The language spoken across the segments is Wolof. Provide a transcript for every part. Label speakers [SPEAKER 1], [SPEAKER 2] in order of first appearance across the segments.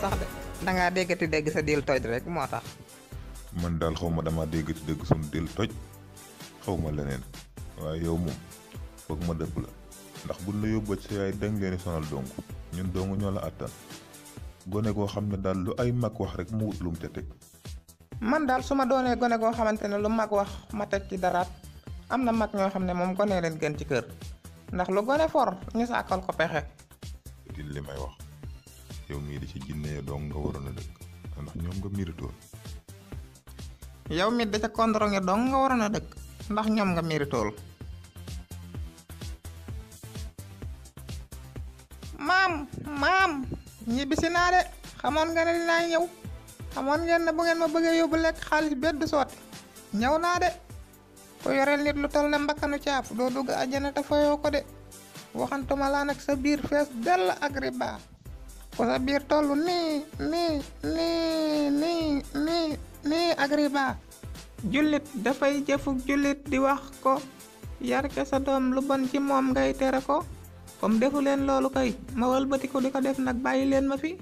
[SPEAKER 1] sax de dangaa déggati dégg sa dil toj rek moo tax
[SPEAKER 2] man daal xaw ma dama déggati dégg sunu dil toj xaw ma leneen waaye yow moom foog ma dëpp la ndax bu la yóbboo ci yaay dañ leen sonal dong ñun dong ñoo la àttan gone goo xam ne daal lu ay mag wax rek mu wut lum ca teg
[SPEAKER 1] man daal su ma doonee gone goo xamante ne lu mag wax ma teg ci daraat am na mag ñoo xam ne moom gone leen gën ci kër ndax lu gone for ñu sàkkal ko pexe.
[SPEAKER 2] li may wax yow mii di ci jinne ya dong nga waroon a dëkk ndax ñoom nga méritoon
[SPEAKER 1] yow mii da ca kondoroŋ ya dong nga waroon a dëkk ndax ñoom nga méritool maam maam ñibbisi naa de xamoon nga ne dinaa ñëw xamoon ngeen ne bu ngeen ma bëggee yóbbu lekk xaalis bedd sotti ñëw naa de ku yoreel nit lu tal ne mbakkanu caaf doo dugg àjjana te fayoo ko de waxantuma laa nag sa biir fees dell ak riba ko biir tollu nii nii nii nii nii Agriba jullit dafay jëfu jullit di wax ko yarke sa doom lu bon ci moom ngay tere ko comme defu leen loolu kay ma walbatiku di ko def nag bàyyi leen ma fi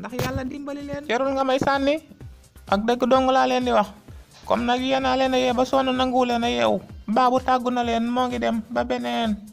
[SPEAKER 1] ndax yàlla dimbali leen jarul nga may sànni ak dëgg dong laa leen di wax comme nag yéenaa leen a yee ba sonn nanguwu leen a yeewu baabu tàggu na leen moo ngi dem ba beneen